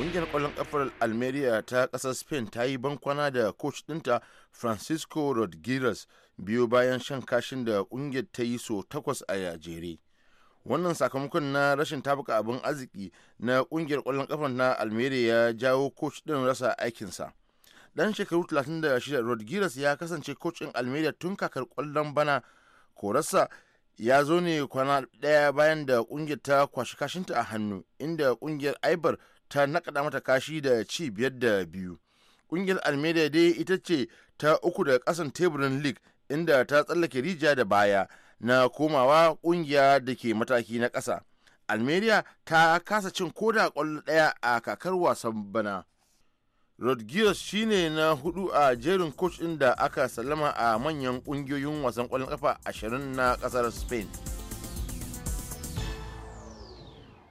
kungiyar kwallon kafar Almeria ta kasar Spain ta yi bankwana da coach dinta Francisco Rodriguez biyu bayan shan kashin da kungiyar ta yi so takwas a yajere Wannan sakamakon na rashin tabuka abin arziki na kungiyar kwallon kafar na Almeria ya jawo coach din rasa aikinsa. Dan shekaru 36 Rodriguez ya kasance coach din Almeria tun kakar kwallon bana korarsa ya zo ne kwana daya bayan da kungiyar ta kwashi kashinta a hannu inda kungiyar aibar ta nakada mata kashi da ci biyar da biyu ƙungiyar almeria dai ita ce ta uku daga ƙasan teburin league inda ta tsallake rijiya da baya na komawa ƙungiya da ke mataki na ƙasa almeria ta kasa cin koda kwallo ɗaya a kakar wasan bana rodgers shine na hudu a jerin coach ɗin da aka sallama a manyan ƙungiyoyin wasan ƙwallon ƙafa 20 na ƙasar spain